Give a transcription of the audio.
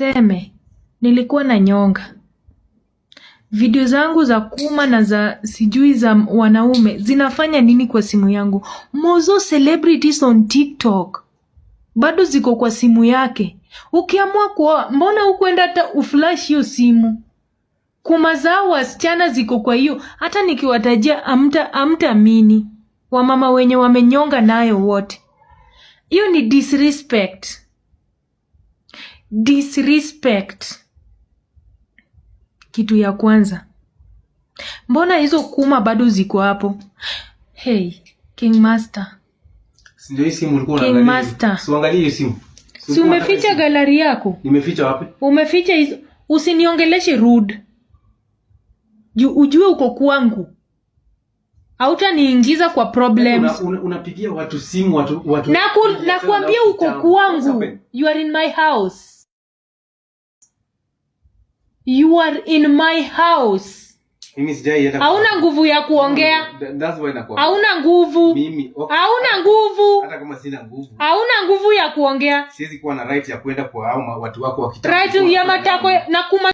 Niseme, nilikuwa na nyonga. Video zangu za kuma na za sijui za wanaume zinafanya nini kwa simu yangu? Mozo celebrities on TikTok bado ziko kwa simu yake. Ukiamua kuoa, mbona hukuenda hata uflash hiyo simu? Kuma zao wasichana ziko kwa hiyo, hata nikiwatajia amta amta mini Wamama wenye wamenyonga nayo wote, hiyo ni disrespect disrespect. Kitu ya kwanza, mbona hizo kuma bado ziko hapo? Hey King Master, King Master, si umeficha galari yako? Nimeficha wapi? Umeficha hizo, usiniongeleshe rude juu ujue uko kwangu hautaniingiza kwa problems. Unapigia yaani una, una watu simu watu, watu, na, kuambia uko kwangu, you are in my house you are in my house hauna nguvu ya kuongea hauna nguvu hauna nguvu hauna nguvu ya kuongea right ya matako na kuma